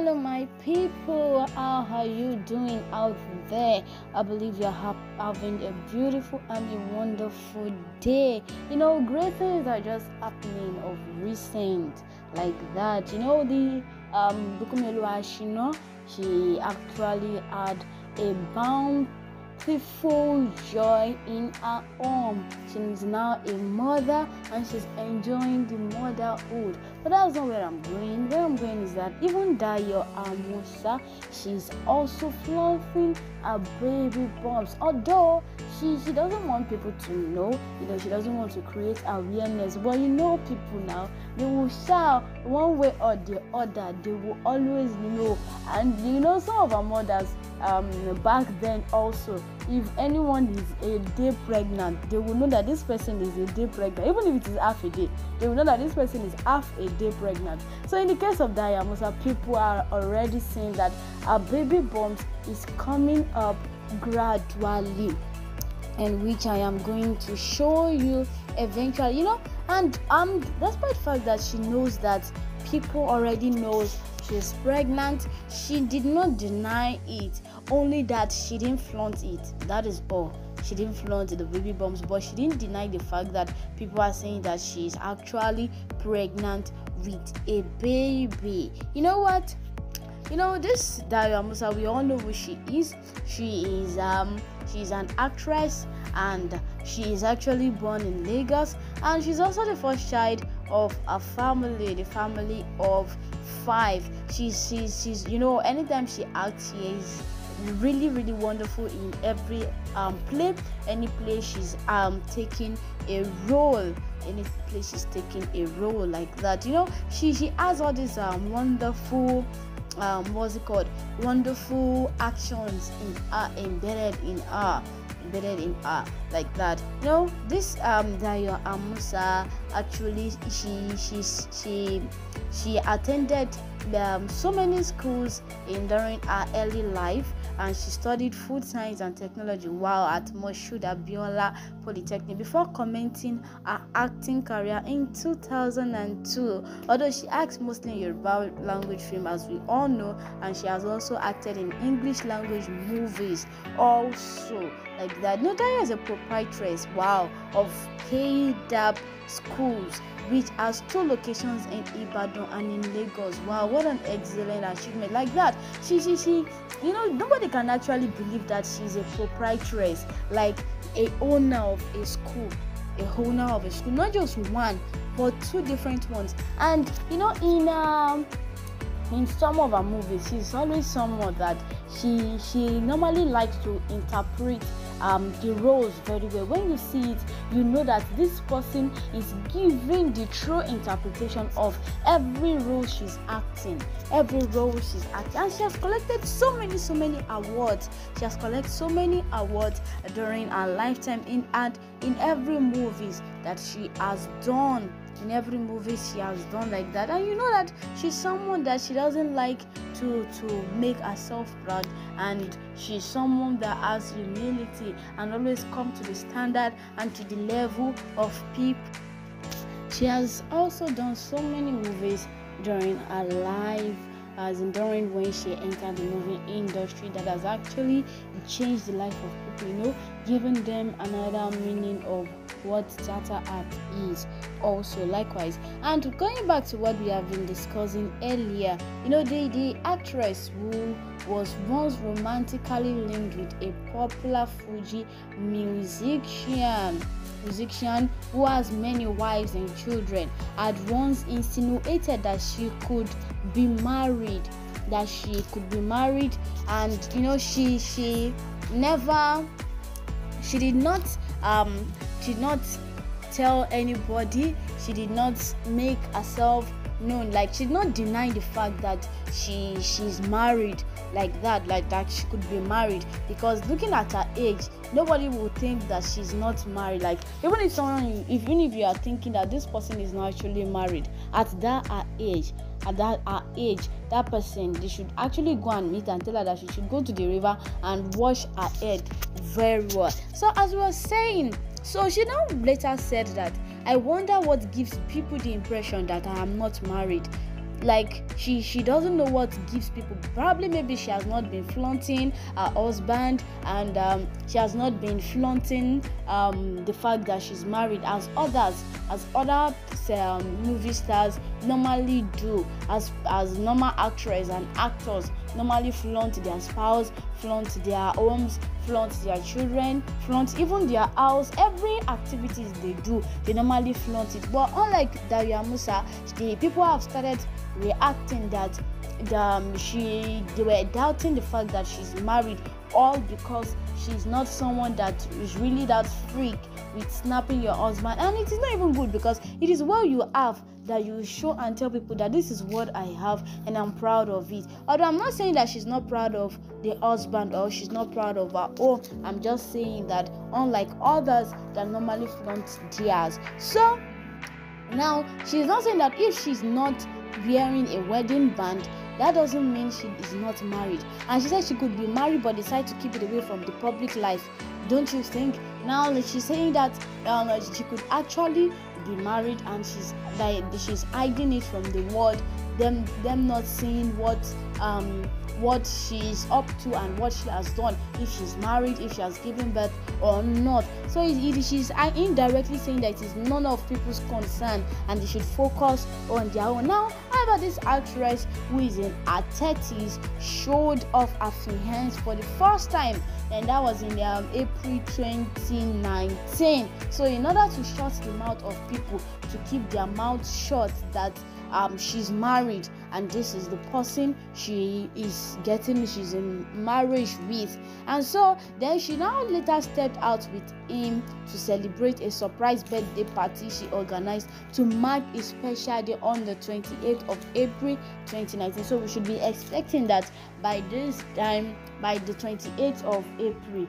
Hello, my people. How are you doing out there? I believe you're having a beautiful and a wonderful day. You know, great things are just happening of recent, like that. You know, the um, Bukumelu Ashino, she actually had a bountiful joy in her home. She's now a mother and she's enjoying the motherhood. But that's not where I'm going. Where I'm going is that even Dayo Amusa, she's also fluffing her baby bumps. Although she, she doesn't want people to know, you know, she doesn't want to create awareness. But you know, people now, they will shout one way or the other. They will always know. And you know, some of our mothers um, back then also if anyone is a day pregnant they will know that this person is a day pregnant even if it is half a day they will know that this person is half a day pregnant so in the case of diamusa people are already saying that a baby bump is coming up gradually and which i am going to show you eventually you know and um despite the fact that she knows that people already knows she's pregnant she did not deny it only that she didn't flaunt it. That is all. She didn't flaunt the baby bumps, but she didn't deny the fact that people are saying that she is actually pregnant with a baby. You know what? You know this Dayo Musa. We all know who she is. She is um she is an actress and she is actually born in Lagos and she's also the first child of a family, the family of five. She's she's she's you know anytime she acts she is really really wonderful in every um, play any play she's um taking a role any play she's taking a role like that you know she she has all these um wonderful um what's it called wonderful actions in her embedded in her embedded in her like that you know this um dayo amusa actually she she she she attended um, so many schools in during her early life and she studied food science and technology while at Moshood Abiola Polytechnic before commencing her acting career in 2002. Although she acts mostly in Yoruba language film as we all know and she has also acted in English language movies also like that. Nodaya is a proprietress, wow, of KDAP schools which has two locations in Ibadan and in Lagos. Wow, what an excellent achievement like that. She she she you know nobody can actually believe that she's a proprietress, like a owner of a school, a owner of a school, not just one, but two different ones. And you know, in um, in some of her movies, she's always someone that she she normally likes to interpret um, the roles very well. When you see it, you know that this person is giving the true interpretation of every role she's acting, every role she's acting. And she has collected so many, so many awards. She has collected so many awards during her lifetime in and in every movies that she has done in every movie she has done like that and you know that she's someone that she doesn't like to to make herself proud and she's someone that has humility and always come to the standard and to the level of people she has also done so many movies during her life as in during when she entered the movie industry that has actually changed the life of people you know giving them another meaning of what data art is also likewise and going back to what we have been discussing earlier you know the, the actress who was once romantically linked with a popular fuji musician musician who has many wives and children had once insinuated that she could be married that she could be married and you know she she never she did not um did not tell anybody she did not make herself known like she did not deny the fact that she she's married like that like that she could be married because looking at her age nobody will think that she's not married like even if someone even if you are thinking that this person is not actually married at that her age at that her age that person they should actually go and meet and tell her that she should go to the river and wash her head very well so as we were saying so she now later said that I wonder what gives people the impression that I am not married. Like she she doesn't know what gives people. Probably maybe she has not been flaunting her husband and um, she has not been flaunting um, the fact that she's married as others as other um, movie stars normally do as as normal actresses and actors normally flaunt their spouse, flaunt their homes, flaunt their children, flaunt even their house. Every activities they do, they normally flaunt it. But unlike Daria Musa, the people have started reacting that um, she they were doubting the fact that she's married all because she's not someone that is really that freak with snapping your husband and it is not even good because it is what you have that you show and tell people that this is what I have and I'm proud of it. Although I'm not saying that she's not proud of the husband or she's not proud of her own, I'm just saying that unlike others that normally flaunt theirs. So now she's not saying that if she's not wearing a wedding band, that doesn't mean she is not married. And she said she could be married but decide to keep it away from the public life. Don't you think? Now she's saying that um, she could actually be married and she's that she's hiding it from the world them them not seeing what um what she's up to and what she has done if she's married if she has given birth or not so it, it, she's indirectly saying that it is none of people's concern and they should focus on their own now however this actress who is in her 30s showed off her hands for the first time and that was in um, april 2019 so in order to shut the mouth of people to keep their mouth shut that um, she's married and this is the person she is getting she's in marriage with and so then she now later stepped out with him to celebrate a surprise birthday party she organized to mark a special day on the 28th of april 2019 so we should be expecting that by this time by the 28th of april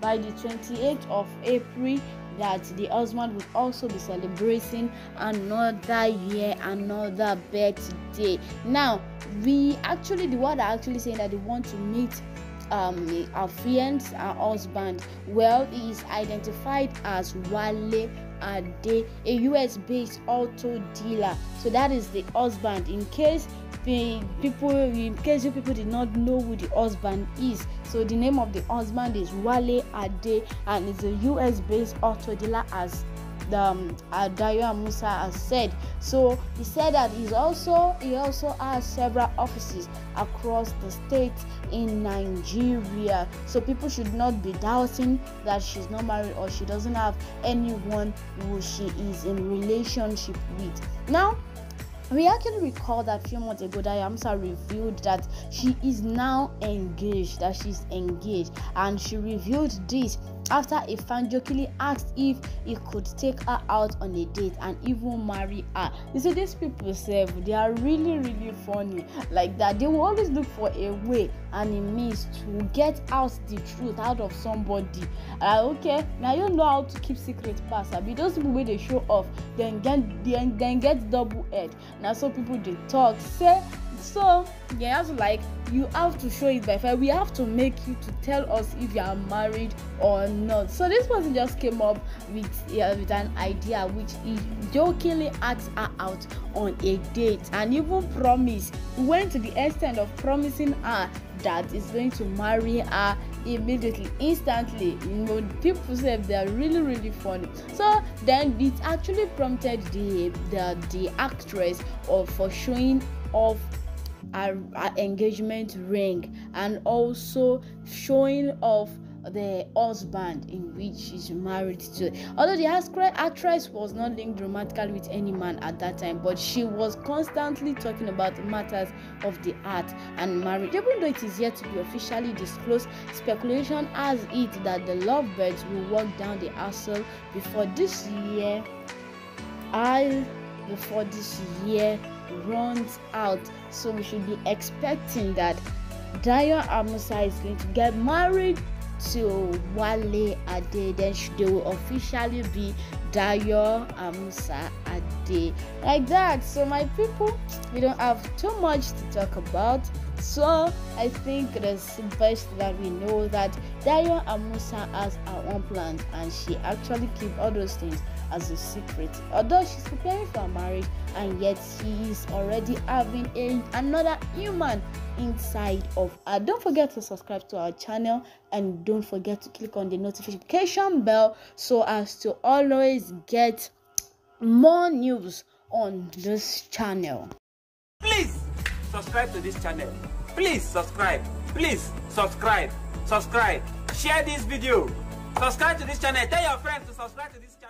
by the 28th of april that the husband will also be celebrating another year, another birthday. Now, we actually, the word are actually saying that they want to meet um, our friends, our husband. Well, he is identified as Wale Ade, a US based auto dealer. So that is the husband. In case people in case you people did not know who the husband is so the name of the husband is wale ade and is a us-based auto dealer as the um, Musa has said. So he said that he's also he also has several offices across the state in Nigeria. So people should not be doubting that she's not married or she doesn't have anyone who she is in relationship with. Now we actually recall that a few months ago that Yamsa revealed that she is now engaged, that she's engaged, and she revealed this after a fan jokingly asked if he could take her out on a date and even marry her. You see, these people self, they are really, really funny. Like that, they will always look for a way and a means to get out the truth out of somebody. Uh, okay, now you know how to keep secret pass. I mean, those people where they show off, then get then, then get double edged na so people dey talk say so you have to like you have to show it by fire we have to make you to tell us if you are married or not so this person just came up with uh, with an idea which he jokingly asked her out on a date and even promised went to the extent of promising her that he's going to marry her immediately instantly you know people say they are really really funny so then it actually prompted the the the actress or for showing off her, her engagement ring and also showing off the husband in which she's married to. Although the actress was not linked romantically with any man at that time, but she was constantly talking about matters of the art and marriage. Even though it is yet to be officially disclosed, speculation has it that the lovebirds will walk down the aisle before this year. I before this year runs out. So we should be expecting that Daya Amusa is going to get married till Wale Ade. Then they will officially be Dayo Amusa Ade. Like that. So, my people, we don't have too much to talk about. So, I think it is best that we know that Dayo Amusa has her own plans and she actually keeps all those things as a secret. Although she's preparing for marriage and yet she is already having a, another human inside of her. Don't forget to subscribe to our channel and don't forget to click on the notification bell so as to always get more news on this channel. Please subscribe to this channel. Please subscribe. Please subscribe. Subscribe. Share this video. Subscribe to this channel. Tell your friends to subscribe to this channel.